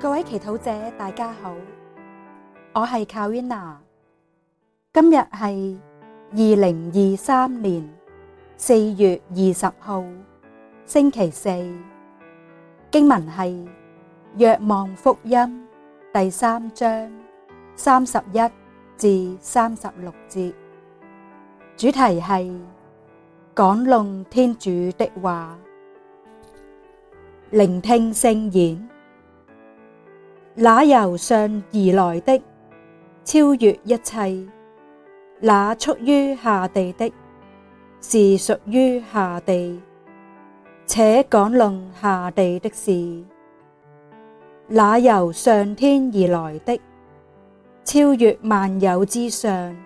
各位祈禱者，大家好，我係 Carina，今日係二零二三年四月二十號星期四，經文係《若望福音》第三章三十一至三十六節，主題係講論天主的話，聆聽聖言。那由上而來的，超越一切；那出於下地的，是屬於下地。且講論下地的事。那由上天而來的，超越萬有之上。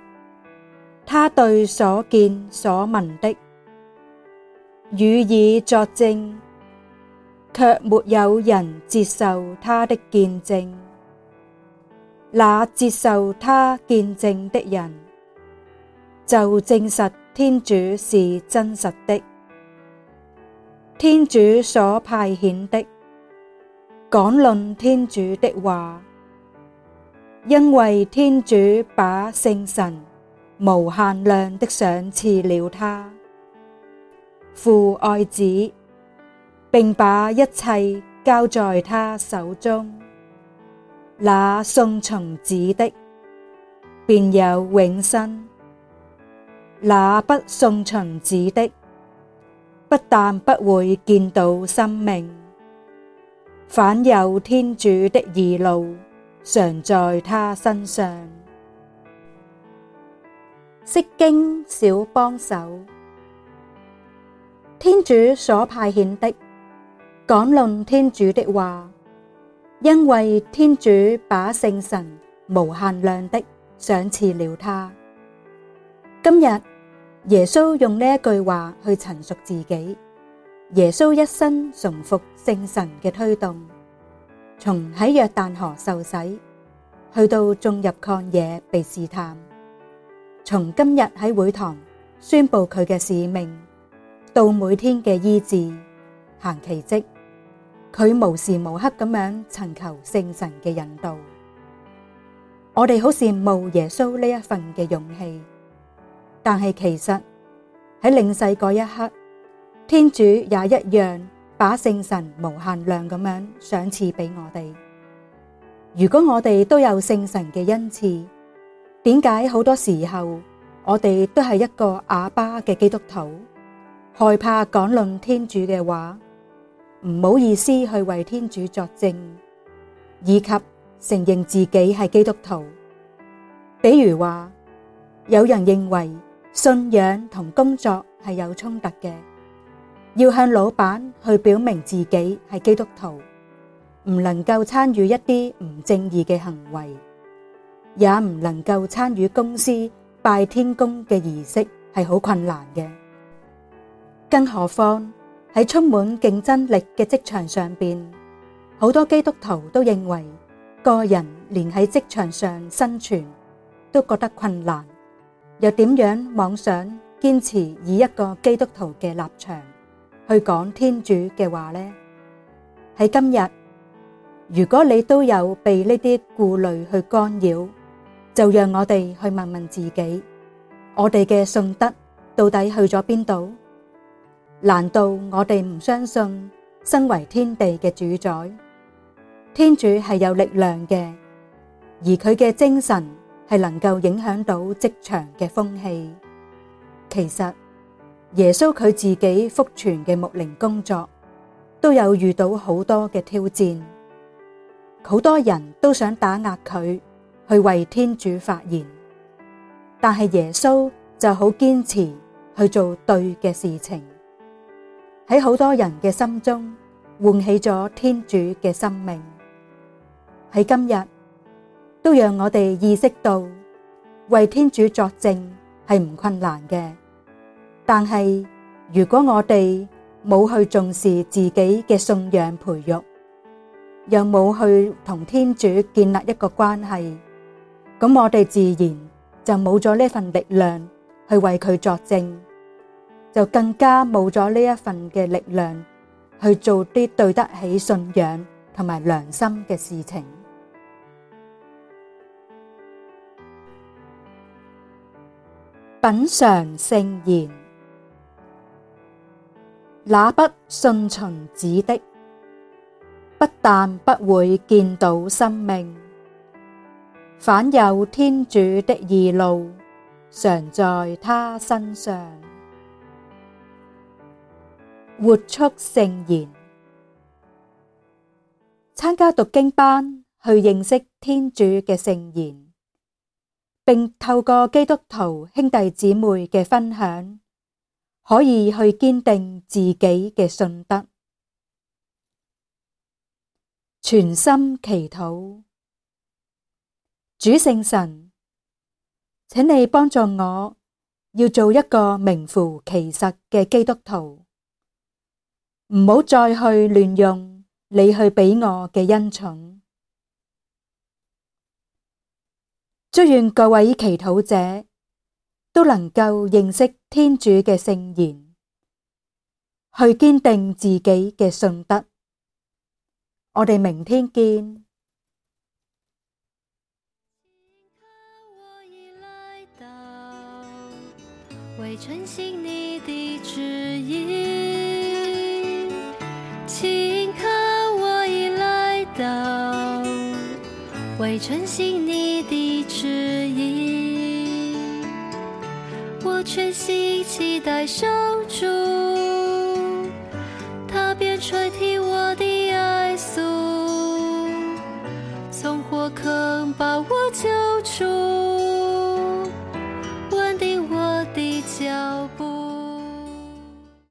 他對所見所聞的，予以作證。卻沒有人接受他的見證，那接受他見證的人，就證實天主是真實的。天主所派遣的，講論天主的話，因為天主把聖神無限量的賞賜了他。父愛子。並把一切交在他手中，那順從子信從子的，便有永生；那不信從子的，不但不會見到生命，反有天主的義怒常在他身上。釋經小幫手，天主所派遣的。講論天主的話，因為天主把聖神無限量的賞賜了他。今日耶穌用呢一句話去陳述自己。耶穌一生順服聖神嘅推動，從喺約旦河受洗，去到進入曠野被試探，從今日喺會堂宣布佢嘅使命，到每天嘅醫治行奇跡。佢無時無刻咁樣尋求聖神嘅引導，我哋好羨慕耶穌呢一份嘅勇氣，但係其實喺領洗嗰一刻，天主也一樣把聖神無限量咁樣賞賜俾我哋。如果我哋都有聖神嘅恩賜，點解好多時候我哋都係一個啞巴嘅基督徒，害怕講論天主嘅話？唔好意思去為天主作證，以及承認自己係基督徒。比如話，有人認為信仰同工作係有衝突嘅，要向老闆去表明自己係基督徒，唔能夠參與一啲唔正義嘅行為，也唔能夠參與公司拜天公嘅儀式，係好困難嘅。更何況，喺充滿競爭力嘅職場上邊，好多基督徒都認為個人連喺職場上生存都覺得困難，又點樣妄想堅持以一個基督徒嘅立場去講天主嘅話呢？喺今日，如果你都有被呢啲顧慮去干擾，就讓我哋去問問自己，我哋嘅信德到底去咗邊度？難道我哋唔相信身為天地嘅主宰，天主係有力量嘅？而佢嘅精神係能夠影響到職場嘅風氣。其實耶穌佢自己福傳嘅牧靈工作都有遇到好多嘅挑戰，好多人都想打壓佢去為天主發言，但係耶穌就好堅持去做對嘅事情。喺好多人嘅心中喚起咗天主嘅生命，喺今日都讓我哋意識到為天主作證係唔困難嘅。但係如果我哋冇去重視自己嘅信仰培育，又冇去同天主建立一個關係，咁我哋自然就冇咗呢份力量去為佢作證，就更加冇咗呢一份嘅力量去做啲對得起信仰同埋良心嘅事情。品嚐聖言，那不信從子的，不但不會見到生命，反有天主的義怒常在他身上。活出聖言，參加讀經班去認識天主嘅聖言，並透過基督徒兄弟姊妹嘅分享，可以去堅定自己嘅信德。全心祈禱，主聖神，請你幫助我，要做一個名副其實嘅基督徒。唔好再去亂用你去俾我嘅恩寵。祝願各位祈禱者都能夠認識天主嘅聖言，去堅定自己嘅信德。我哋明天見。為遵循，你的指引，我全心期待守住，踏遍川途。